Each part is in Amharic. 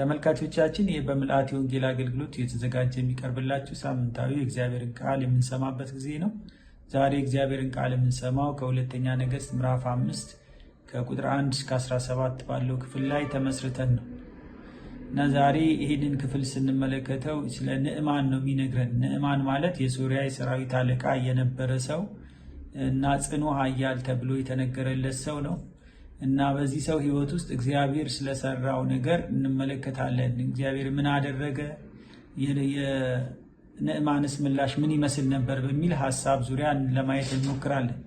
ተመልካቾቻችን ይህ በምልአት የወንጌል አገልግሎት የተዘጋጀ የሚቀርብላችሁ ሳምንታዊ የእግዚአብሔርን ቃል የምንሰማበት ጊዜ ነው። ዛሬ እግዚአብሔርን ቃል የምንሰማው ከሁለተኛ ነገሥት ምዕራፍ አምስት ከቁጥር 1 እስከ 17 ባለው ክፍል ላይ ተመስርተን ነው እና ዛሬ ይህንን ክፍል ስንመለከተው ስለ ንዕማን ነው የሚነግረን። ንዕማን ማለት የሶሪያ የሰራዊት አለቃ የነበረ ሰው እና ጽኑ ኃያል ተብሎ የተነገረለት ሰው ነው። እና በዚህ ሰው ህይወት ውስጥ እግዚአብሔር ስለሰራው ነገር እንመለከታለን። እግዚአብሔር ምን አደረገ? የንዕማንስ ምላሽ ምን ይመስል ነበር? በሚል ሀሳብ ዙሪያ ለማየት እንሞክራለን።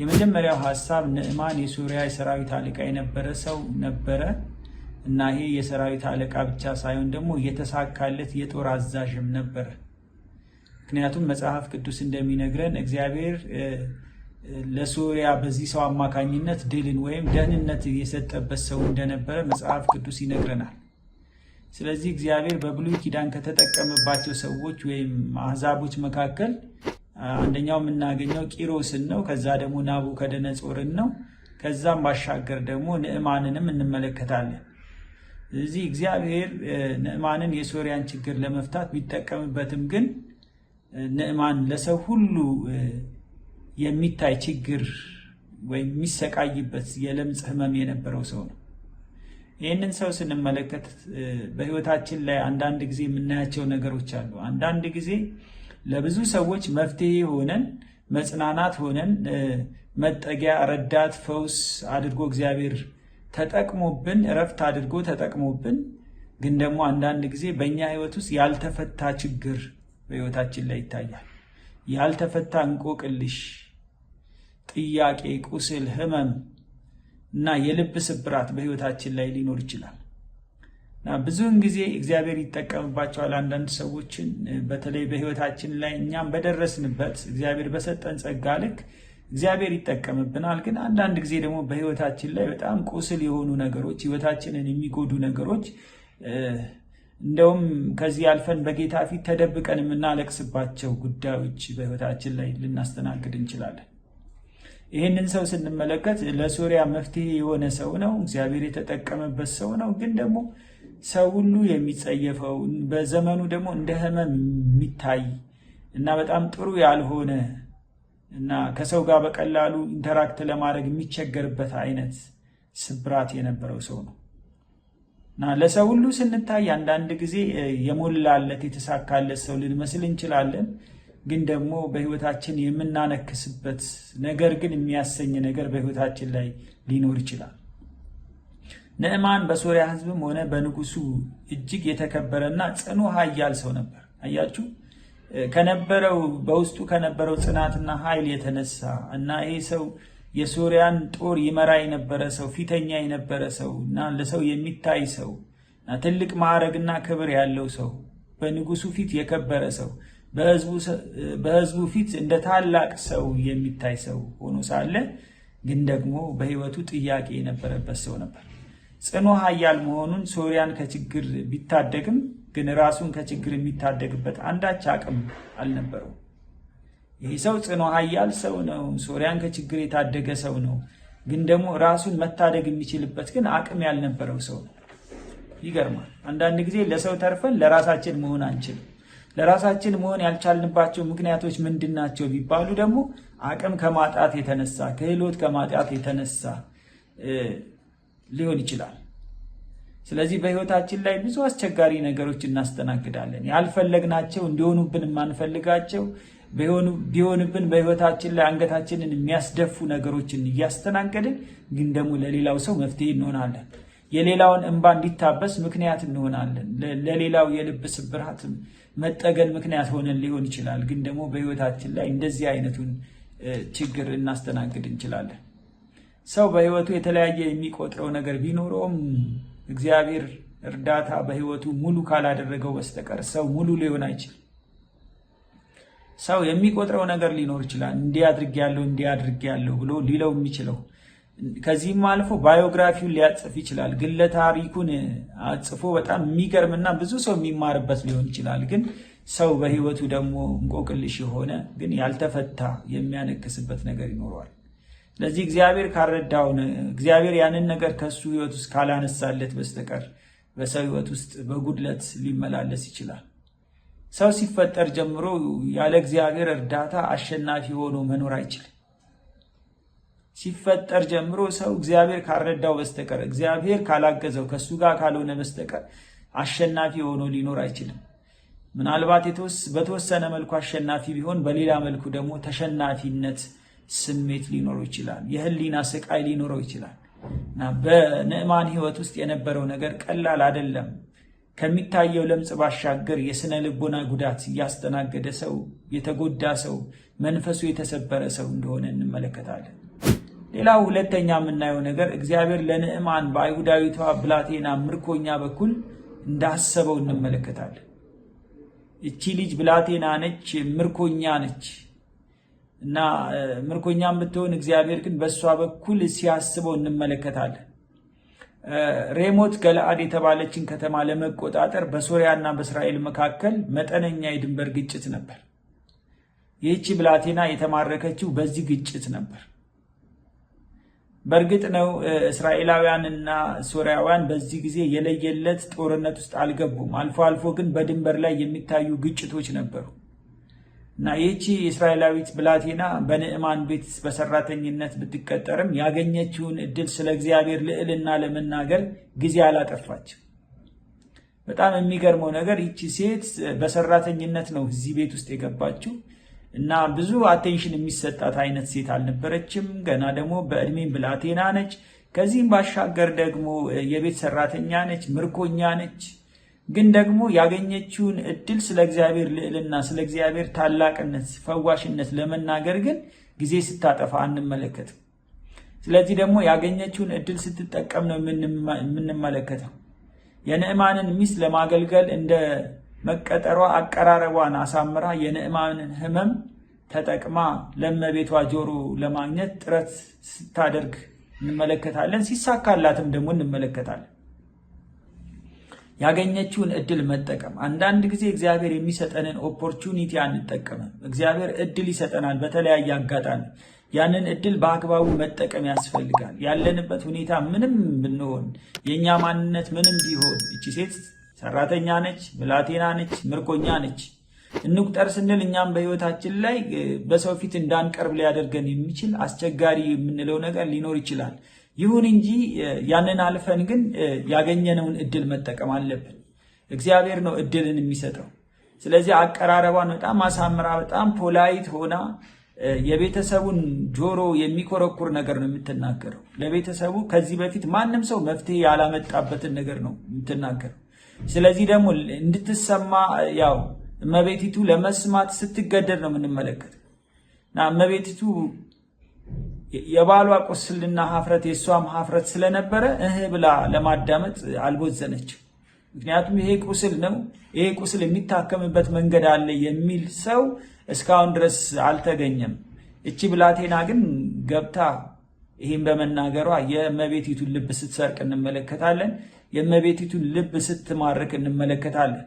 የመጀመሪያው ሀሳብ ንዕማን የሱሪያ የሰራዊት አለቃ የነበረ ሰው ነበረ እና ይሄ የሰራዊት አለቃ ብቻ ሳይሆን ደግሞ የተሳካለት የጦር አዛዥም ነበረ። ምክንያቱም መጽሐፍ ቅዱስ እንደሚነግረን እግዚአብሔር ለሶሪያ በዚህ ሰው አማካኝነት ድልን ወይም ደህንነት የሰጠበት ሰው እንደነበረ መጽሐፍ ቅዱስ ይነግረናል። ስለዚህ እግዚአብሔር በብሉይ ኪዳን ከተጠቀመባቸው ሰዎች ወይም አህዛቦች መካከል አንደኛው የምናገኘው ቂሮስን ነው። ከዛ ደግሞ ናቡከደነጾርን ነው። ከዛም ባሻገር ደግሞ ንዕማንንም እንመለከታለን። እዚህ እግዚአብሔር ንዕማንን የሶሪያን ችግር ለመፍታት ቢጠቀምበትም ግን ንዕማን ለሰው ሁሉ የሚታይ ችግር ወይም የሚሰቃይበት የለምጽ ህመም የነበረው ሰው ነው። ይህንን ሰው ስንመለከት በህይወታችን ላይ አንዳንድ ጊዜ የምናያቸው ነገሮች አሉ። አንዳንድ ጊዜ ለብዙ ሰዎች መፍትሄ ሆነን መጽናናት ሆነን መጠጊያ፣ ረዳት፣ ፈውስ አድርጎ እግዚአብሔር ተጠቅሞብን እረፍት አድርጎ ተጠቅሞብን፣ ግን ደግሞ አንዳንድ ጊዜ በእኛ ህይወት ውስጥ ያልተፈታ ችግር በህይወታችን ላይ ይታያል። ያልተፈታ እንቆቅልሽ ጥያቄ፣ ቁስል፣ ህመም እና የልብ ስብራት በህይወታችን ላይ ሊኖር ይችላል እና ብዙውን ጊዜ እግዚአብሔር ይጠቀምባቸዋል አንዳንድ ሰዎችን በተለይ በህይወታችን ላይ እኛም በደረስንበት እግዚአብሔር በሰጠን ጸጋ ልክ እግዚአብሔር ይጠቀምብናል። ግን አንዳንድ ጊዜ ደግሞ በህይወታችን ላይ በጣም ቁስል የሆኑ ነገሮች፣ ህይወታችንን የሚጎዱ ነገሮች እንደውም ከዚህ አልፈን በጌታ ፊት ተደብቀን የምናለቅስባቸው ጉዳዮች በህይወታችን ላይ ልናስተናግድ እንችላለን። ይህንን ሰው ስንመለከት ለሶሪያ መፍትሄ የሆነ ሰው ነው፣ እግዚአብሔር የተጠቀመበት ሰው ነው። ግን ደግሞ ሰው ሁሉ የሚጸየፈው በዘመኑ ደግሞ እንደ ህመም የሚታይ እና በጣም ጥሩ ያልሆነ እና ከሰው ጋር በቀላሉ ኢንተራክት ለማድረግ የሚቸገርበት አይነት ስብራት የነበረው ሰው ነው እና ለሰው ሁሉ ስንታይ አንዳንድ ጊዜ የሞላለት የተሳካለት ሰው ልንመስል እንችላለን። ግን ደግሞ በህይወታችን የምናነክስበት ነገር ግን የሚያሰኝ ነገር በህይወታችን ላይ ሊኖር ይችላል። ንዕማን በሶሪያ ህዝብም ሆነ በንጉሱ እጅግ የተከበረና ጽኑ ኃያል ሰው ነበር። አያችሁ ከነበረው በውስጡ ከነበረው ጽናትና ኃይል የተነሳ እና ይሄ ሰው የሶሪያን ጦር ይመራ የነበረ ሰው፣ ፊተኛ የነበረ ሰው እና ለሰው የሚታይ ሰው እና ትልቅ ማዕረግና ክብር ያለው ሰው፣ በንጉሱ ፊት የከበረ ሰው በህዝቡ ፊት እንደ ታላቅ ሰው የሚታይ ሰው ሆኖ ሳለ ግን ደግሞ በህይወቱ ጥያቄ የነበረበት ሰው ነበር። ጽኑ ኃያል መሆኑን ሶሪያን ከችግር ቢታደግም ግን ራሱን ከችግር የሚታደግበት አንዳች አቅም አልነበረውም። ይህ ሰው ጽኑ ኃያል ሰው ነው። ሶሪያን ከችግር የታደገ ሰው ነው። ግን ደግሞ ራሱን መታደግ የሚችልበት ግን አቅም ያልነበረው ሰው ነው። ይገርማል። አንዳንድ ጊዜ ለሰው ተርፈን ለራሳችን መሆን አንችልም። ለራሳችን መሆን ያልቻልንባቸው ምክንያቶች ምንድን ናቸው ቢባሉ ደግሞ አቅም ከማጣት የተነሳ ክህሎት ከማጣት የተነሳ ሊሆን ይችላል። ስለዚህ በህይወታችን ላይ ብዙ አስቸጋሪ ነገሮች እናስተናግዳለን። ያልፈለግናቸው እንዲሆኑብን የማንፈልጋቸው ቢሆንብን በህይወታችን ላይ አንገታችንን የሚያስደፉ ነገሮችን እያስተናገድን ግን ደግሞ ለሌላው ሰው መፍትሄ እንሆናለን። የሌላውን እንባ እንዲታበስ ምክንያት እንሆናለን። ለሌላው የልብ ስብራትም መጠገን ምክንያት ሆነን ሊሆን ይችላል። ግን ደግሞ በህይወታችን ላይ እንደዚህ አይነቱን ችግር እናስተናግድ እንችላለን። ሰው በህይወቱ የተለያየ የሚቆጥረው ነገር ቢኖረውም እግዚአብሔር እርዳታ በህይወቱ ሙሉ ካላደረገው በስተቀር ሰው ሙሉ ሊሆን አይችልም። ሰው የሚቆጥረው ነገር ሊኖር ይችላል። እንዲህ አድርጌያለሁ እንዲህ አድርጌያለሁ ብሎ ሊለው የሚችለው ከዚህም አልፎ ባዮግራፊውን ሊያጽፍ ይችላል። ግለ ታሪኩን አጽፎ በጣም የሚገርምና ብዙ ሰው የሚማርበት ሊሆን ይችላል። ግን ሰው በህይወቱ ደግሞ እንቆቅልሽ የሆነ ግን ያልተፈታ የሚያነክስበት ነገር ይኖረዋል። ስለዚህ እግዚአብሔር ካረዳውን እግዚአብሔር ያንን ነገር ከሱ ህይወት ውስጥ ካላነሳለት በስተቀር በሰው ህይወት ውስጥ በጉድለት ሊመላለስ ይችላል። ሰው ሲፈጠር ጀምሮ ያለ እግዚአብሔር እርዳታ አሸናፊ ሆኖ መኖር አይችልም። ሲፈጠር ጀምሮ ሰው እግዚአብሔር ካልረዳው በስተቀር እግዚአብሔር ካላገዘው ከእሱ ጋር ካልሆነ በስተቀር አሸናፊ ሆኖ ሊኖር አይችልም። ምናልባት በተወሰነ መልኩ አሸናፊ ቢሆን፣ በሌላ መልኩ ደግሞ ተሸናፊነት ስሜት ሊኖረው ይችላል። የህሊና ስቃይ ሊኖረው ይችላል እና በንዕማን ህይወት ውስጥ የነበረው ነገር ቀላል አይደለም። ከሚታየው ለምጽ ባሻገር የስነ ልቦና ጉዳት እያስተናገደ ሰው የተጎዳ ሰው መንፈሱ የተሰበረ ሰው እንደሆነ እንመለከታለን። ሌላው ሁለተኛ የምናየው ነገር እግዚአብሔር ለንዕማን በአይሁዳዊቷ ብላቴና ምርኮኛ በኩል እንዳሰበው እንመለከታለን። እቺ ልጅ ብላቴና ነች፣ ምርኮኛ ነች እና ምርኮኛ ብትሆን እግዚአብሔር ግን በእሷ በኩል ሲያስበው እንመለከታለን። ሬሞት ገለአድ የተባለችን ከተማ ለመቆጣጠር በሶሪያና በእስራኤል መካከል መጠነኛ የድንበር ግጭት ነበር። ይህቺ ብላቴና የተማረከችው በዚህ ግጭት ነበር። በእርግጥ ነው እስራኤላውያን እና ሶሪያውያን በዚህ ጊዜ የለየለት ጦርነት ውስጥ አልገቡም። አልፎ አልፎ ግን በድንበር ላይ የሚታዩ ግጭቶች ነበሩ እና ይህቺ እስራኤላዊት ብላቴና በንዕማን ቤት በሰራተኝነት ብትቀጠርም ያገኘችውን እድል ስለ እግዚአብሔር ልዕልና ለመናገር ጊዜ አላጠፋችም። በጣም የሚገርመው ነገር ይቺ ሴት በሰራተኝነት ነው እዚህ ቤት ውስጥ የገባችው። እና ብዙ አቴንሽን የሚሰጣት አይነት ሴት አልነበረችም። ገና ደግሞ በእድሜም ብላቴና ነች። ከዚህም ባሻገር ደግሞ የቤት ሰራተኛ ነች፣ ምርኮኛ ነች። ግን ደግሞ ያገኘችውን እድል ስለ እግዚአብሔር ልዕልና፣ ስለ እግዚአብሔር ታላቅነት፣ ፈዋሽነት ለመናገር ግን ጊዜ ስታጠፋ አንመለከትም። ስለዚህ ደግሞ ያገኘችውን እድል ስትጠቀም ነው የምንመለከተው። የንዕማንን ሚስት ለማገልገል እንደ መቀጠሯ አቀራረቧን አሳምራ የንዕማንን ሕመም ተጠቅማ ለመቤቷ ጆሮ ለማግኘት ጥረት ስታደርግ እንመለከታለን። ሲሳካላትም ደግሞ እንመለከታለን። ያገኘችውን እድል መጠቀም። አንዳንድ ጊዜ እግዚአብሔር የሚሰጠንን ኦፖርቹኒቲ አንጠቀምም። እግዚአብሔር እድል ይሰጠናል በተለያየ አጋጣሚ። ያንን እድል በአግባቡ መጠቀም ያስፈልጋል። ያለንበት ሁኔታ ምንም ብንሆን፣ የእኛ ማንነት ምንም ቢሆን እቺ ሴት ሰራተኛ ነች፣ ብላቴና ነች፣ ምርኮኛ ነች። እንቁጠር ስንል እኛም በህይወታችን ላይ በሰው ፊት እንዳንቀርብ ሊያደርገን የሚችል አስቸጋሪ የምንለው ነገር ሊኖር ይችላል። ይሁን እንጂ ያንን አልፈን ግን ያገኘነውን እድል መጠቀም አለብን። እግዚአብሔር ነው እድልን የሚሰጠው። ስለዚህ አቀራረቧን በጣም አሳምራ በጣም ፖላይት ሆና የቤተሰቡን ጆሮ የሚኮረኩር ነገር ነው የምትናገረው። ለቤተሰቡ ከዚህ በፊት ማንም ሰው መፍትሄ ያላመጣበትን ነገር ነው የምትናገረው። ስለዚህ ደግሞ እንድትሰማ ያው እመቤቲቱ ለመስማት ስትገደድ ነው የምንመለከት እና እመቤቲቱ የባሏ ቁስልና ሀፍረት የእሷም ሀፍረት ስለነበረ እህ ብላ ለማዳመጥ አልቦዘነች። ምክንያቱም ይሄ ቁስል ነው፣ ይሄ ቁስል የሚታከምበት መንገድ አለ የሚል ሰው እስካሁን ድረስ አልተገኘም። እቺ ብላቴና ግን ገብታ ይህም በመናገሯ የእመቤቲቱን ልብ ስትሰርቅ እንመለከታለን። የእመቤቲቱን ልብ ስትማርክ እንመለከታለን።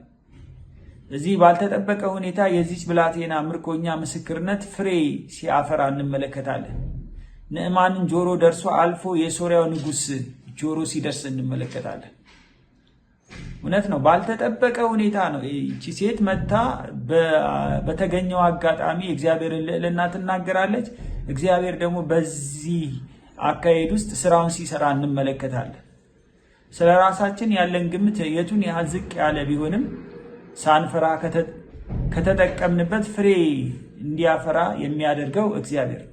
እዚህ ባልተጠበቀ ሁኔታ የዚች ብላቴና ምርኮኛ ምስክርነት ፍሬ ሲያፈራ እንመለከታለን። ንዕማንን ጆሮ ደርሶ አልፎ የሶሪያው ንጉሥ ጆሮ ሲደርስ እንመለከታለን። እውነት ነው። ባልተጠበቀ ሁኔታ ነው። ይቺ ሴት መታ በተገኘው አጋጣሚ እግዚአብሔር ልዕልና ትናገራለች። እግዚአብሔር ደግሞ በዚህ አካሄድ ውስጥ ስራውን ሲሰራ እንመለከታለን። ስለ ራሳችን ያለን ግምት የቱን ያህል ዝቅ ያለ ቢሆንም ሳንፈራ ከተጠቀምንበት ፍሬ እንዲያፈራ የሚያደርገው እግዚአብሔር።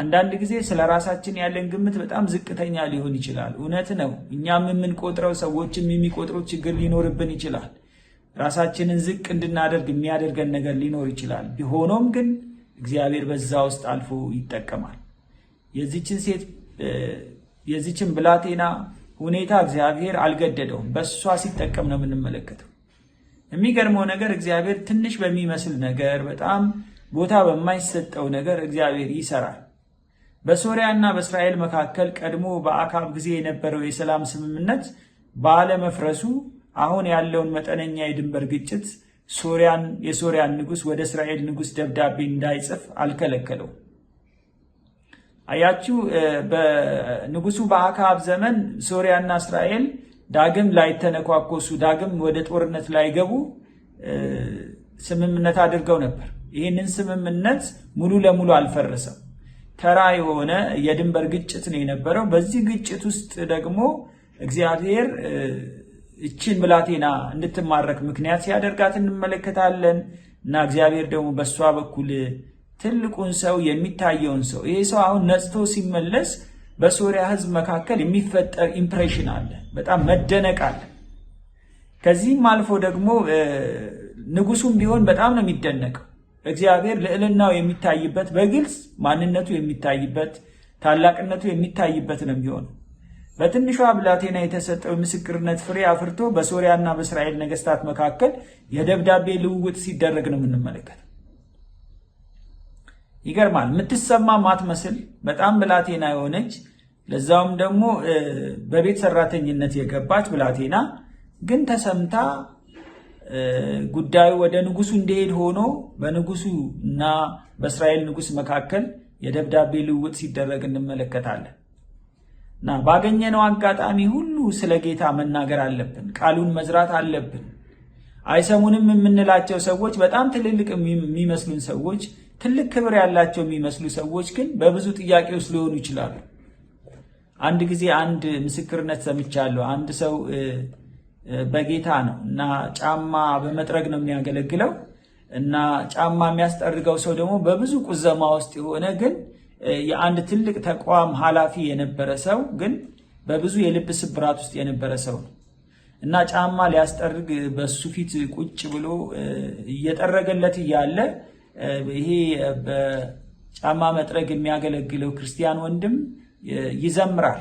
አንዳንድ ጊዜ ስለ ራሳችን ያለን ግምት በጣም ዝቅተኛ ሊሆን ይችላል። እውነት ነው። እኛም የምንቆጥረው ሰዎችም የሚቆጥሩት ችግር ሊኖርብን ይችላል። ራሳችንን ዝቅ እንድናደርግ የሚያደርገን ነገር ሊኖር ይችላል። ቢሆኖም ግን እግዚአብሔር በዛ ውስጥ አልፎ ይጠቀማል። የዚችን ሴት የዚችን ብላቴና ሁኔታ እግዚአብሔር አልገደደውም። በእሷ ሲጠቀም ነው የምንመለከተው። የሚገርመው ነገር እግዚአብሔር ትንሽ በሚመስል ነገር፣ በጣም ቦታ በማይሰጠው ነገር እግዚአብሔር ይሰራል። በሶሪያና በእስራኤል መካከል ቀድሞ በአካብ ጊዜ የነበረው የሰላም ስምምነት ባለመፍረሱ አሁን ያለውን መጠነኛ የድንበር ግጭት ሶሪያን የሶሪያን ንጉሥ ወደ እስራኤል ንጉሥ ደብዳቤ እንዳይጽፍ አልከለከለውም። አያችሁ በንጉሱ በአካብ ዘመን ሶሪያና እስራኤል ዳግም ላይተነኳኮሱ ዳግም ወደ ጦርነት ላይገቡ ስምምነት አድርገው ነበር። ይህንን ስምምነት ሙሉ ለሙሉ አልፈረሰም። ተራ የሆነ የድንበር ግጭት ነው የነበረው። በዚህ ግጭት ውስጥ ደግሞ እግዚአብሔር እችን ብላቴና እንድትማረክ ምክንያት ሲያደርጋት እንመለከታለን እና እግዚአብሔር ደግሞ በእሷ በኩል ትልቁን ሰው የሚታየውን ሰው ይሄ ሰው አሁን ነጽቶ ሲመለስ በሶሪያ ህዝብ መካከል የሚፈጠር ኢምፕሬሽን አለ፣ በጣም መደነቅ አለ። ከዚህም አልፎ ደግሞ ንጉሱም ቢሆን በጣም ነው የሚደነቀው። እግዚአብሔር ልዕልናው የሚታይበት በግልጽ ማንነቱ የሚታይበት ታላቅነቱ የሚታይበት ነው የሚሆነው። በትንሿ ብላቴና የተሰጠው የምስክርነት ፍሬ አፍርቶ በሶሪያና በእስራኤል ነገስታት መካከል የደብዳቤ ልውውጥ ሲደረግ ነው የምንመለከተው። ይገርማል። የምትሰማ ማትመስል በጣም ብላቴና የሆነች ለዛውም ደግሞ በቤት ሰራተኝነት የገባች ብላቴና ግን ተሰምታ ጉዳዩ ወደ ንጉሱ እንዲሄድ ሆኖ በንጉሱ እና በእስራኤል ንጉስ መካከል የደብዳቤ ልውውጥ ሲደረግ እንመለከታለን። እና ባገኘነው አጋጣሚ ሁሉ ስለ ጌታ መናገር አለብን። ቃሉን መዝራት አለብን። አይሰሙንም የምንላቸው ሰዎች በጣም ትልልቅ የሚመስሉን ሰዎች ትልቅ ክብር ያላቸው የሚመስሉ ሰዎች ግን በብዙ ጥያቄ ውስጥ ሊሆኑ ይችላሉ። አንድ ጊዜ አንድ ምስክርነት ሰምቻለሁ። አንድ ሰው በጌታ ነው እና ጫማ በመጥረግ ነው የሚያገለግለው እና ጫማ የሚያስጠርገው ሰው ደግሞ በብዙ ቁዘማ ውስጥ የሆነ ግን የአንድ ትልቅ ተቋም ኃላፊ የነበረ ሰው ግን በብዙ የልብ ስብራት ውስጥ የነበረ ሰው ነው እና ጫማ ሊያስጠርግ በሱ ፊት ቁጭ ብሎ እየጠረገለት እያለ ይሄ በጫማ መጥረግ የሚያገለግለው ክርስቲያን ወንድም ይዘምራል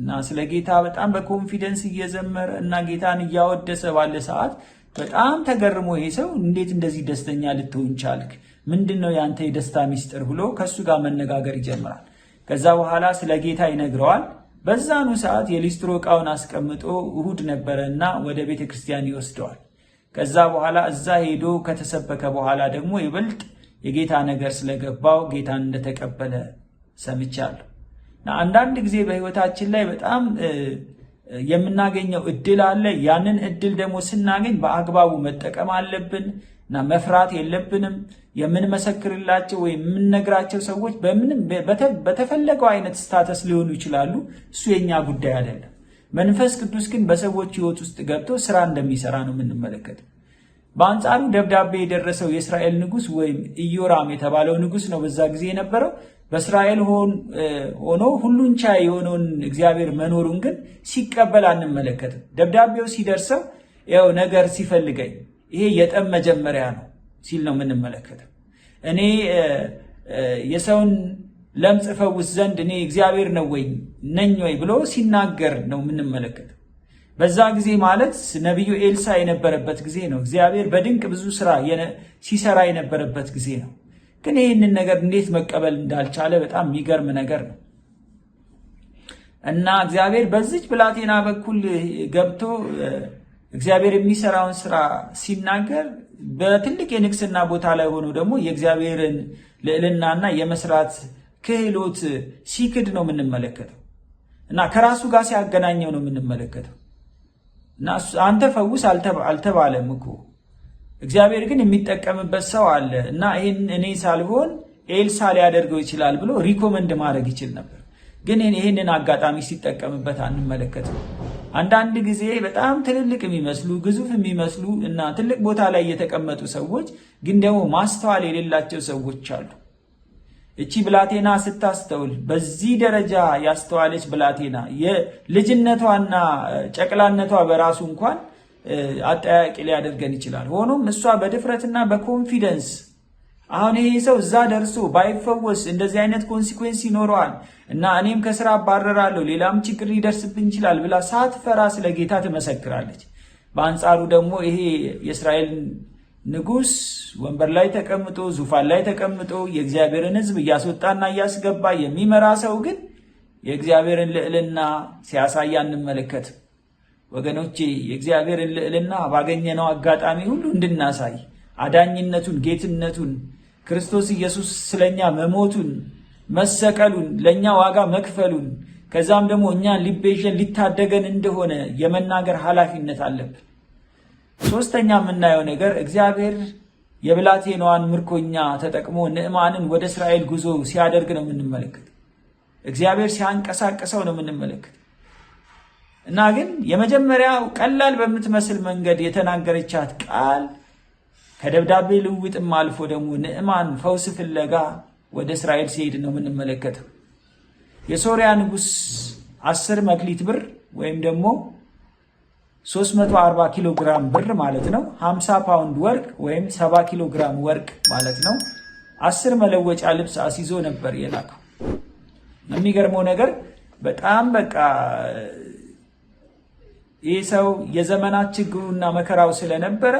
እና ስለ ጌታ በጣም በኮንፊደንስ እየዘመረ እና ጌታን እያወደሰ ባለ ሰዓት በጣም ተገርሞ ይሄ ሰው እንዴት እንደዚህ ደስተኛ ልትሆን ቻልክ? ምንድን ነው ያንተ የደስታ ሚስጥር? ብሎ ከእሱ ጋር መነጋገር ይጀምራል። ከዛ በኋላ ስለ ጌታ ይነግረዋል። በዛኑ ሰዓት የሊስትሮ እቃውን አስቀምጦ እሁድ ነበረ እና ወደ ቤተ ክርስቲያን ይወስደዋል። ከዛ በኋላ እዛ ሄዶ ከተሰበከ በኋላ ደግሞ ይበልጥ የጌታ ነገር ስለገባው ጌታን እንደተቀበለ ሰምቻለሁ። እና አንዳንድ ጊዜ በህይወታችን ላይ በጣም የምናገኘው እድል አለ። ያንን እድል ደግሞ ስናገኝ በአግባቡ መጠቀም አለብን እና መፍራት የለብንም። የምንመሰክርላቸው ወይም የምንነግራቸው ሰዎች በምንም በተፈለገው አይነት ስታተስ ሊሆኑ ይችላሉ። እሱ የኛ ጉዳይ አይደለም። መንፈስ ቅዱስ ግን በሰዎች ህይወት ውስጥ ገብቶ ስራ እንደሚሰራ ነው የምንመለከተው። በአንጻሩ ደብዳቤ የደረሰው የእስራኤል ንጉስ ወይም ኢዮራም የተባለው ንጉስ ነው በዛ ጊዜ የነበረው። በእስራኤል ሆኖ ሁሉን ቻይ የሆነውን እግዚአብሔር መኖሩን ግን ሲቀበል አንመለከትም። ደብዳቤው ሲደርሰው ያው ነገር ሲፈልገኝ ይሄ የጠብ መጀመሪያ ነው ሲል ነው የምንመለከተው እኔ የሰውን ለምጽፈውስ ዘንድ እኔ እግዚአብሔር ነው ወይ ነኝ ወይ ብሎ ሲናገር ነው የምንመለከተው። በዛ ጊዜ ማለት ነቢዩ ኤልሳ የነበረበት ጊዜ ነው። እግዚአብሔር በድንቅ ብዙ ስራ ሲሰራ የነበረበት ጊዜ ነው። ግን ይህንን ነገር እንዴት መቀበል እንዳልቻለ በጣም የሚገርም ነገር ነው እና እግዚአብሔር በዚች ብላቴና በኩል ገብቶ እግዚአብሔር የሚሰራውን ስራ ሲናገር በትልቅ የንግስና ቦታ ላይ ሆኖ ደግሞ የእግዚአብሔርን ልዕልናና የመስራት ክህሎት ሲክድ ነው የምንመለከተው እና ከራሱ ጋር ሲያገናኘው ነው የምንመለከተው። እና አንተ ፈውስ አልተባለም እኮ እግዚአብሔር ግን የሚጠቀምበት ሰው አለ እና ይህን እኔ ሳልሆን ኤልሳ ሊያደርገው ይችላል ብሎ ሪኮመንድ ማድረግ ይችል ነበር። ግን ይህንን አጋጣሚ ሲጠቀምበት አንመለከትም። አንዳንድ ጊዜ በጣም ትልልቅ የሚመስሉ ግዙፍ የሚመስሉ እና ትልቅ ቦታ ላይ የተቀመጡ ሰዎች ግን ደግሞ ማስተዋል የሌላቸው ሰዎች አሉ። እቺ ብላቴና ስታስተውል በዚህ ደረጃ ያስተዋለች ብላቴና የልጅነቷና ጨቅላነቷ በራሱ እንኳን አጠያቂ ሊያደርገን ይችላል። ሆኖም እሷ በድፍረትና በኮንፊደንስ አሁን ይሄ ሰው እዛ ደርሶ ባይፈወስ እንደዚህ አይነት ኮንሲኩዌንስ ይኖረዋል እና እኔም ከስራ አባረራለሁ፣ ሌላም ችግር ሊደርስብን ይችላል ብላ ሳትፈራ ስለ ጌታ ትመሰክራለች። በአንጻሩ ደግሞ ይሄ የእስራኤልን ንጉስ ወንበር ላይ ተቀምጦ ዙፋን ላይ ተቀምጦ የእግዚአብሔርን ሕዝብ እያስወጣና እያስገባ የሚመራ ሰው ግን የእግዚአብሔርን ልዕልና ሲያሳይ አንመለከትም። ወገኖቼ የእግዚአብሔርን ልዕልና ባገኘነው አጋጣሚ ሁሉ እንድናሳይ አዳኝነቱን፣ ጌትነቱን፣ ክርስቶስ ኢየሱስ ስለኛ መሞቱን፣ መሰቀሉን፣ ለእኛ ዋጋ መክፈሉን ከዛም ደግሞ እኛን ሊቤዥን ሊታደገን እንደሆነ የመናገር ኃላፊነት አለብን። ሶስተኛ የምናየው ነገር እግዚአብሔር የብላቴናዋን ምርኮኛ ተጠቅሞ ንዕማንን ወደ እስራኤል ጉዞ ሲያደርግ ነው የምንመለከት። እግዚአብሔር ሲያንቀሳቀሰው ነው የምንመለከት እና ግን የመጀመሪያው ቀላል በምትመስል መንገድ የተናገረቻት ቃል ከደብዳቤ ልውውጥም አልፎ ደግሞ ንዕማን ፈውስ ፍለጋ ወደ እስራኤል ሲሄድ ነው የምንመለከተው። የሶሪያ ንጉሥ አስር መክሊት ብር ወይም ደግሞ 340 ኪሎ ግራም ብር ማለት ነው። 50 ፓውንድ ወርቅ ወይም 70 ኪሎ ግራም ወርቅ ማለት ነው። አስር መለወጫ ልብስ አስይዞ ነበር የላከው። የሚገርመው ነገር በጣም በቃ ይህ ሰው የዘመናት ችግሩና መከራው ስለነበረ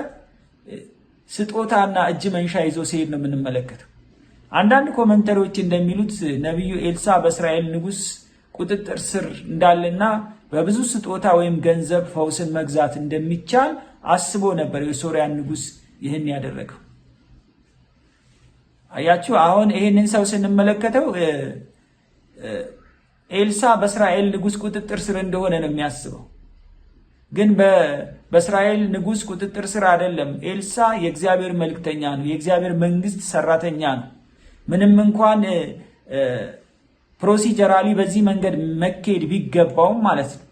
ስጦታና እጅ መንሻ ይዞ ሲሄድ ነው የምንመለከተው። አንዳንድ ኮመንተሪዎች እንደሚሉት ነቢዩ ኤልሳ በእስራኤል ንጉስ ። ቁጥጥር ስር እንዳለና በብዙ ስጦታ ወይም ገንዘብ ፈውስን መግዛት እንደሚቻል አስቦ ነበር የሶሪያን ንጉስ ይህን ያደረገው። አያችሁ፣ አሁን ይህንን ሰው ስንመለከተው ኤልሳ በእስራኤል ንጉስ ቁጥጥር ስር እንደሆነ ነው የሚያስበው። ግን በእስራኤል ንጉስ ቁጥጥር ስር አይደለም። ኤልሳ የእግዚአብሔር መልክተኛ ነው፣ የእግዚአብሔር መንግስት ሰራተኛ ነው። ምንም እንኳን ፕሮሲጀራሊ በዚህ መንገድ መካሄድ ቢገባውም ማለት ነው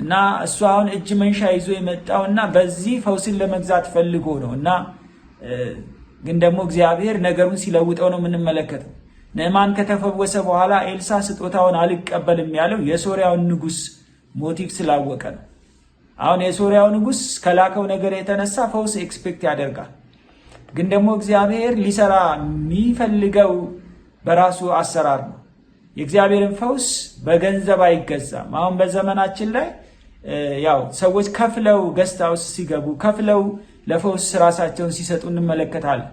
እና እሱ አሁን እጅ መንሻ ይዞ የመጣው እና በዚህ ፈውስን ለመግዛት ፈልጎ ነው እና ግን ደግሞ እግዚአብሔር ነገሩን ሲለውጠው ነው የምንመለከተው። ንዕማን ከተፈወሰ በኋላ ኤልሳ ስጦታውን አልቀበልም ያለው የሶሪያውን ንጉስ ሞቲቭ ስላወቀ ነው። አሁን የሶሪያው ንጉስ ከላከው ነገር የተነሳ ፈውስ ኤክስፔክት ያደርጋል። ግን ደግሞ እግዚአብሔር ሊሰራ የሚፈልገው በራሱ አሰራር ነው። የእግዚአብሔርን ፈውስ በገንዘብ አይገዛም። አሁን በዘመናችን ላይ ያው ሰዎች ከፍለው ገስት ውስጥ ሲገቡ ከፍለው ለፈውስ ራሳቸውን ሲሰጡ እንመለከታለን።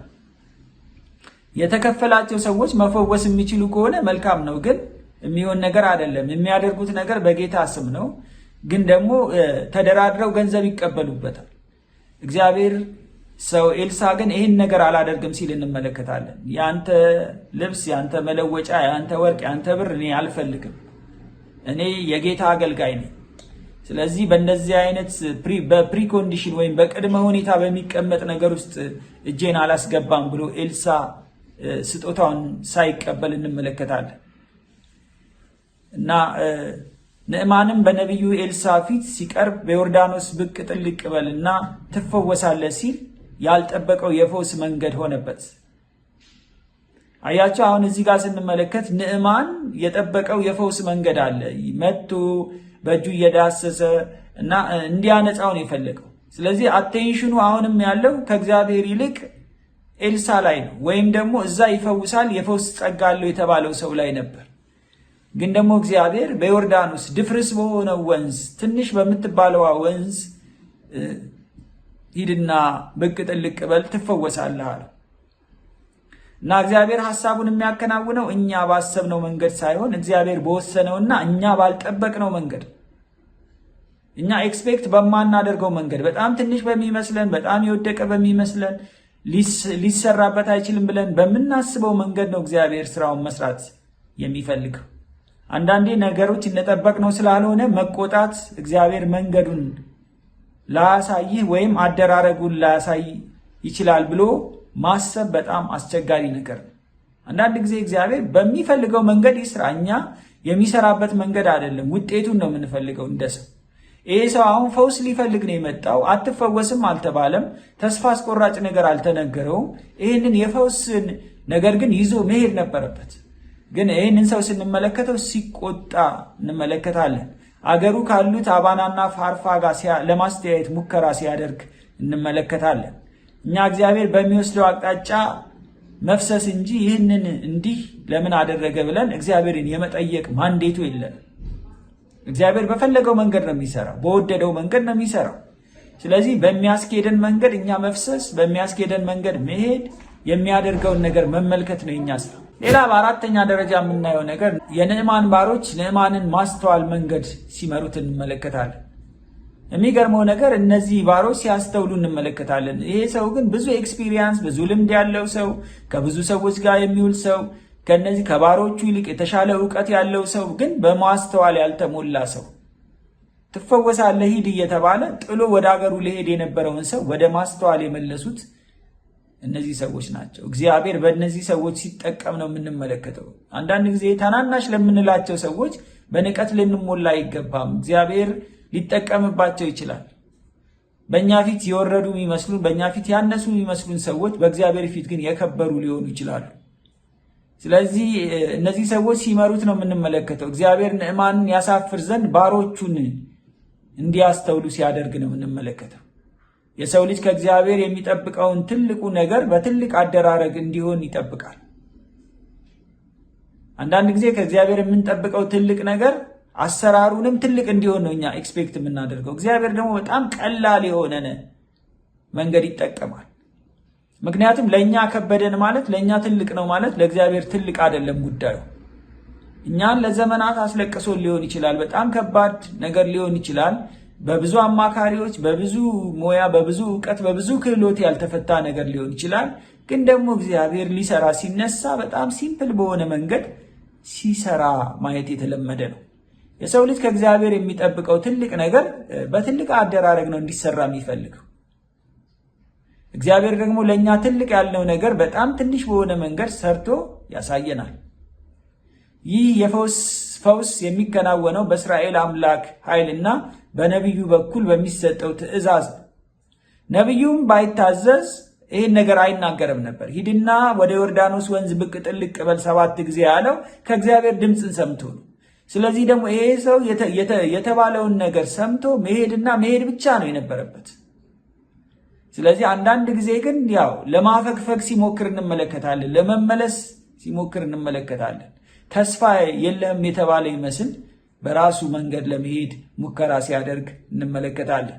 የተከፈላቸው ሰዎች መፈወስ የሚችሉ ከሆነ መልካም ነው፣ ግን የሚሆን ነገር አይደለም። የሚያደርጉት ነገር በጌታ ስም ነው፣ ግን ደግሞ ተደራድረው ገንዘብ ይቀበሉበታል እግዚአብሔር ሰው ኤልሳ ግን ይህን ነገር አላደርግም ሲል እንመለከታለን። የአንተ ልብስ፣ የአንተ መለወጫ፣ የአንተ ወርቅ፣ የአንተ ብር እኔ አልፈልግም፣ እኔ የጌታ አገልጋይ ነኝ። ስለዚህ በእነዚህ አይነት በፕሪኮንዲሽን ወይም በቅድመ ሁኔታ በሚቀመጥ ነገር ውስጥ እጄን አላስገባም ብሎ ኤልሳ ስጦታውን ሳይቀበል እንመለከታለን እና ንዕማንም በነቢዩ ኤልሳ ፊት ሲቀርብ በዮርዳኖስ ብቅ ጥልቅ በልና ትፈወሳለህ ሲል ያልጠበቀው የፈውስ መንገድ ሆነበት። አያቸው። አሁን እዚህ ጋር ስንመለከት ንዕማን የጠበቀው የፈውስ መንገድ አለ። መቱ በእጁ እየዳሰሰ እና እንዲያነጻው ነው የፈለገው። ስለዚህ አቴንሽኑ አሁንም ያለው ከእግዚአብሔር ይልቅ ኤልሳ ላይ ነው፣ ወይም ደግሞ እዛ ይፈውሳል የፈውስ ጸጋ አለው የተባለው ሰው ላይ ነበር። ግን ደግሞ እግዚአብሔር በዮርዳኖስ ድፍርስ በሆነው ወንዝ ትንሽ በምትባለዋ ወንዝ ሂድና ብቅ ጥልቅ በል ትፈወሳለህ አለ እና እግዚአብሔር ሐሳቡን የሚያከናውነው እኛ ባሰብነው መንገድ ሳይሆን እግዚአብሔር በወሰነውና እኛ ባልጠበቅነው መንገድ እኛ ኤክስፔክት በማናደርገው መንገድ በጣም ትንሽ በሚመስለን በጣም የወደቀ በሚመስለን ሊሰራበት አይችልም ብለን በምናስበው መንገድ ነው እግዚአብሔር ስራውን መስራት የሚፈልገው። አንዳንዴ ነገሮች እንደጠበቅነው ስላልሆነ መቆጣት እግዚአብሔር መንገዱን ላያሳይህ ወይም አደራረጉን ላያሳይ ይችላል ብሎ ማሰብ በጣም አስቸጋሪ ነገር ነው። አንዳንድ ጊዜ እግዚአብሔር በሚፈልገው መንገድ ይስራ፣ እኛ የሚሰራበት መንገድ አይደለም። ውጤቱን ነው የምንፈልገው እንደ ሰው። ይሄ ሰው አሁን ፈውስ ሊፈልግ ነው የመጣው። አትፈወስም አልተባለም። ተስፋ አስቆራጭ ነገር አልተነገረውም። ይህንን የፈውስን ነገር ግን ይዞ መሄድ ነበረበት። ግን ይህንን ሰው ስንመለከተው ሲቆጣ እንመለከታለን። አገሩ ካሉት አባናና ፋርፋ ጋር ለማስተያየት ሙከራ ሲያደርግ እንመለከታለን። እኛ እግዚአብሔር በሚወስደው አቅጣጫ መፍሰስ እንጂ ይህንን እንዲህ ለምን አደረገ ብለን እግዚአብሔርን የመጠየቅ ማንዴቱ የለን። እግዚአብሔር በፈለገው መንገድ ነው የሚሰራው፣ በወደደው መንገድ ነው የሚሰራው። ስለዚህ በሚያስኬደን መንገድ እኛ መፍሰስ፣ በሚያስኬደን መንገድ መሄድ፣ የሚያደርገውን ነገር መመልከት ነው የኛ ስራ። ሌላ በአራተኛ ደረጃ የምናየው ነገር የንዕማን ባሮች ንዕማንን ማስተዋል መንገድ ሲመሩት እንመለከታለን። የሚገርመው ነገር እነዚህ ባሮች ሲያስተውሉ እንመለከታለን። ይሄ ሰው ግን ብዙ ኤክስፒሪየንስ፣ ብዙ ልምድ ያለው ሰው፣ ከብዙ ሰዎች ጋር የሚውል ሰው፣ ከነዚህ ከባሮቹ ይልቅ የተሻለ እውቀት ያለው ሰው፣ ግን በማስተዋል ያልተሞላ ሰው ትፈወሳለህ ሂድ እየተባለ ጥሎ ወደ አገሩ ሊሄድ የነበረውን ሰው ወደ ማስተዋል የመለሱት እነዚህ ሰዎች ናቸው። እግዚአብሔር በእነዚህ ሰዎች ሲጠቀም ነው የምንመለከተው። አንዳንድ ጊዜ ታናናሽ ለምንላቸው ሰዎች በንቀት ልንሞላ አይገባም። እግዚአብሔር ሊጠቀምባቸው ይችላል። በእኛ ፊት የወረዱ የሚመስሉን፣ በእኛ ፊት ያነሱ የሚመስሉን ሰዎች በእግዚአብሔር ፊት ግን የከበሩ ሊሆኑ ይችላሉ። ስለዚህ እነዚህ ሰዎች ሲመሩት ነው የምንመለከተው። እግዚአብሔር ንዕማንን ያሳፍር ዘንድ ባሮቹን እንዲያስተውሉ ሲያደርግ ነው የምንመለከተው። የሰው ልጅ ከእግዚአብሔር የሚጠብቀውን ትልቁ ነገር በትልቅ አደራረግ እንዲሆን ይጠብቃል። አንዳንድ ጊዜ ከእግዚአብሔር የምንጠብቀው ትልቅ ነገር አሰራሩንም ትልቅ እንዲሆን ነው እኛ ኤክስፔክት የምናደርገው። እግዚአብሔር ደግሞ በጣም ቀላል የሆነን መንገድ ይጠቀማል። ምክንያቱም ለእኛ ከበደን ማለት ለእኛ ትልቅ ነው ማለት ለእግዚአብሔር ትልቅ አይደለም ጉዳዩ። እኛን ለዘመናት አስለቅሶን ሊሆን ይችላል። በጣም ከባድ ነገር ሊሆን ይችላል። በብዙ አማካሪዎች፣ በብዙ ሙያ፣ በብዙ እውቀት፣ በብዙ ክህሎት ያልተፈታ ነገር ሊሆን ይችላል። ግን ደግሞ እግዚአብሔር ሊሰራ ሲነሳ በጣም ሲምፕል በሆነ መንገድ ሲሰራ ማየት የተለመደ ነው። የሰው ልጅ ከእግዚአብሔር የሚጠብቀው ትልቅ ነገር በትልቅ አደራረግ ነው እንዲሰራ የሚፈልገው። እግዚአብሔር ደግሞ ለእኛ ትልቅ ያለው ነገር በጣም ትንሽ በሆነ መንገድ ሰርቶ ያሳየናል። ይህ የፈውስ ፈውስ የሚከናወነው በእስራኤል አምላክ ኃይልና በነቢዩ በኩል በሚሰጠው ትእዛዝ ነው። ነቢዩም ባይታዘዝ ይህን ነገር አይናገርም ነበር። ሂድና ወደ ዮርዳኖስ ወንዝ ብቅ ጥልቅ በል ሰባት ጊዜ ያለው ከእግዚአብሔር ድምፅን ሰምቶ ነው። ስለዚህ ደግሞ ይሄ ሰው የተባለውን ነገር ሰምቶ መሄድና መሄድ ብቻ ነው የነበረበት። ስለዚህ አንዳንድ ጊዜ ግን ያው ለማፈግፈግ ሲሞክር እንመለከታለን፣ ለመመለስ ሲሞክር እንመለከታለን። ተስፋ የለህም የተባለ ይመስል በራሱ መንገድ ለመሄድ ሙከራ ሲያደርግ እንመለከታለን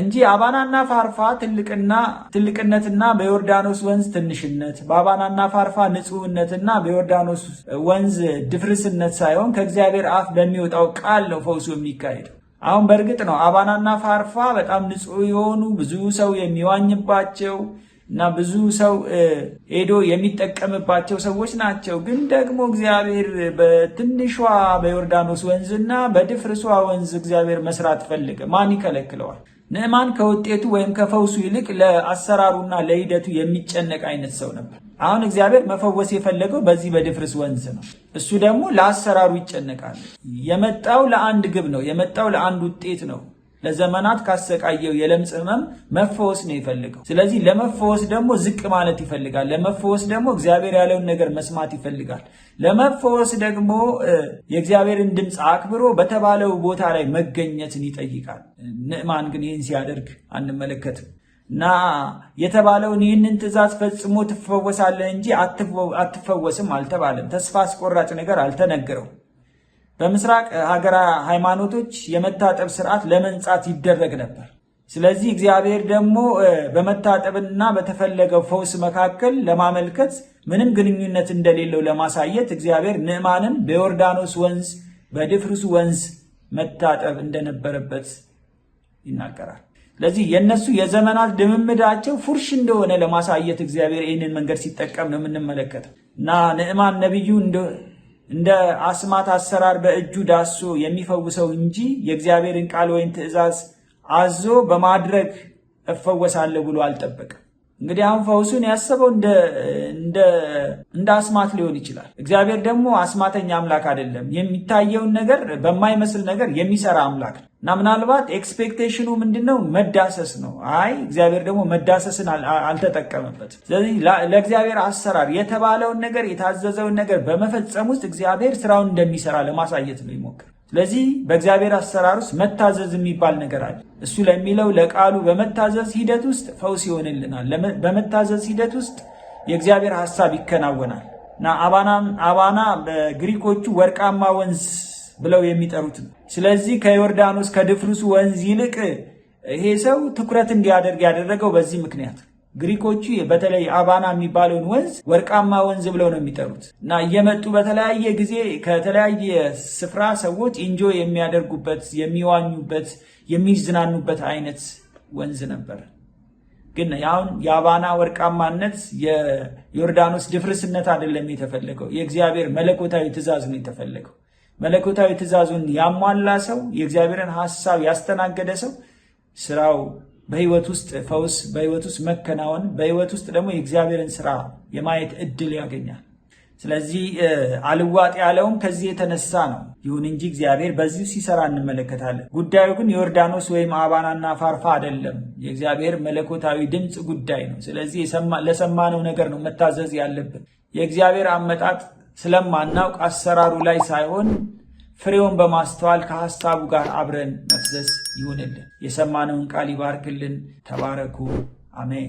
እንጂ አባናና ፋርፋ ትልቅና ትልቅነትና በዮርዳኖስ ወንዝ ትንሽነት በአባናና ፋርፋ ንጹህነትና በዮርዳኖስ ወንዝ ድፍርስነት ሳይሆን ከእግዚአብሔር አፍ በሚወጣው ቃል ነው ፈውሱ የሚካሄደው። አሁን በእርግጥ ነው አባናና ፋርፋ በጣም ንጹህ የሆኑ ብዙ ሰው የሚዋኝባቸው እና ብዙ ሰው ሄዶ የሚጠቀምባቸው ሰዎች ናቸው። ግን ደግሞ እግዚአብሔር በትንሿ በዮርዳኖስ ወንዝና በድፍርሷ ወንዝ እግዚአብሔር መስራት ፈለገ። ማን ይከለክለዋል? ንዕማን ከውጤቱ ወይም ከፈውሱ ይልቅ ለአሰራሩና ለሂደቱ የሚጨነቅ አይነት ሰው ነበር። አሁን እግዚአብሔር መፈወስ የፈለገው በዚህ በድፍርስ ወንዝ ነው። እሱ ደግሞ ለአሰራሩ ይጨነቃል። የመጣው ለአንድ ግብ ነው። የመጣው ለአንድ ውጤት ነው። ለዘመናት ካሰቃየው የለምጽ ህመም መፈወስ ነው ይፈልገው። ስለዚህ ለመፈወስ ደግሞ ዝቅ ማለት ይፈልጋል። ለመፈወስ ደግሞ እግዚአብሔር ያለውን ነገር መስማት ይፈልጋል። ለመፈወስ ደግሞ የእግዚአብሔርን ድምፅ አክብሮ በተባለው ቦታ ላይ መገኘትን ይጠይቃል። ንዕማን ግን ይህን ሲያደርግ አንመለከትም። እና የተባለውን ይህንን ትእዛዝ ፈጽሞ ትፈወሳለህ እንጂ አትፈወስም አልተባለም። ተስፋ አስቆራጭ ነገር አልተነገረውም። በምስራቅ ሀገር ሃይማኖቶች የመታጠብ ስርዓት ለመንጻት ይደረግ ነበር። ስለዚህ እግዚአብሔር ደግሞ በመታጠብና በተፈለገው ፈውስ መካከል ለማመልከት ምንም ግንኙነት እንደሌለው ለማሳየት እግዚአብሔር ንዕማንን በዮርዳኖስ ወንዝ በድፍርሱ ወንዝ መታጠብ እንደነበረበት ይናገራል። ስለዚህ የእነሱ የዘመናት ልምምዳቸው ፉርሽ እንደሆነ ለማሳየት እግዚአብሔር ይህንን መንገድ ሲጠቀም ነው የምንመለከተው እና ንዕማን ነቢዩ እንደ አስማት አሰራር በእጁ ዳሶ የሚፈውሰው እንጂ የእግዚአብሔርን ቃል ወይም ትእዛዝ አዞ በማድረግ እፈወሳለሁ ብሎ አልጠበቀም። እንግዲህ አሁን ፈውሱን ያሰበው እንደ አስማት ሊሆን ይችላል። እግዚአብሔር ደግሞ አስማተኛ አምላክ አይደለም። የሚታየውን ነገር በማይመስል ነገር የሚሰራ አምላክ ነው እና ምናልባት ኤክስፔክቴሽኑ ምንድነው? መዳሰስ ነው። አይ እግዚአብሔር ደግሞ መዳሰስን አልተጠቀመበትም። ስለዚህ ለእግዚአብሔር አሰራር የተባለውን ነገር የታዘዘውን ነገር በመፈጸም ውስጥ እግዚአብሔር ስራውን እንደሚሰራ ለማሳየት ነው ይሞክር ስለዚህ በእግዚአብሔር አሰራር ውስጥ መታዘዝ የሚባል ነገር አለ። እሱ ለሚለው ለቃሉ በመታዘዝ ሂደት ውስጥ ፈውስ ይሆንልናል። በመታዘዝ ሂደት ውስጥ የእግዚአብሔር ሀሳብ ይከናወናል እና አባና በግሪኮቹ ወርቃማ ወንዝ ብለው የሚጠሩት ነው። ስለዚህ ከዮርዳኖስ ከድፍርሱ ወንዝ ይልቅ ይሄ ሰው ትኩረት እንዲያደርግ ያደረገው በዚህ ምክንያት ግሪኮቹ በተለይ አባና የሚባለውን ወንዝ ወርቃማ ወንዝ ብለው ነው የሚጠሩት እና እየመጡ በተለያየ ጊዜ ከተለያየ ስፍራ ሰዎች ኢንጆ የሚያደርጉበት፣ የሚዋኙበት፣ የሚዝናኑበት አይነት ወንዝ ነበር። ግን አሁን የአባና ወርቃማነት የዮርዳኖስ ድፍርስነት አይደለም የተፈለገው፣ የእግዚአብሔር መለኮታዊ ትእዛዝ ነው የተፈለገው። መለኮታዊ ትእዛዙን ያሟላ ሰው፣ የእግዚአብሔርን ሀሳብ ያስተናገደ ሰው ስራው በህይወት ውስጥ ፈውስ፣ በህይወት ውስጥ መከናወን፣ በህይወት ውስጥ ደግሞ የእግዚአብሔርን ስራ የማየት እድል ያገኛል። ስለዚህ አልዋጥ ያለውም ከዚህ የተነሳ ነው። ይሁን እንጂ እግዚአብሔር በዚሁ ሲሰራ እንመለከታለን። ጉዳዩ ግን ዮርዳኖስ ወይም አባናና ፋርፋ አይደለም። የእግዚአብሔር መለኮታዊ ድምፅ ጉዳይ ነው። ስለዚህ ለሰማነው ነገር ነው መታዘዝ ያለብን። የእግዚአብሔር አመጣጥ ስለማናውቅ አሰራሩ ላይ ሳይሆን ፍሬውን በማስተዋል ከሐሳቡ ጋር አብረን መፍዘስ ይሁንልን። የሰማነውን ቃል ይባርክልን። ተባረኩ። አሜን።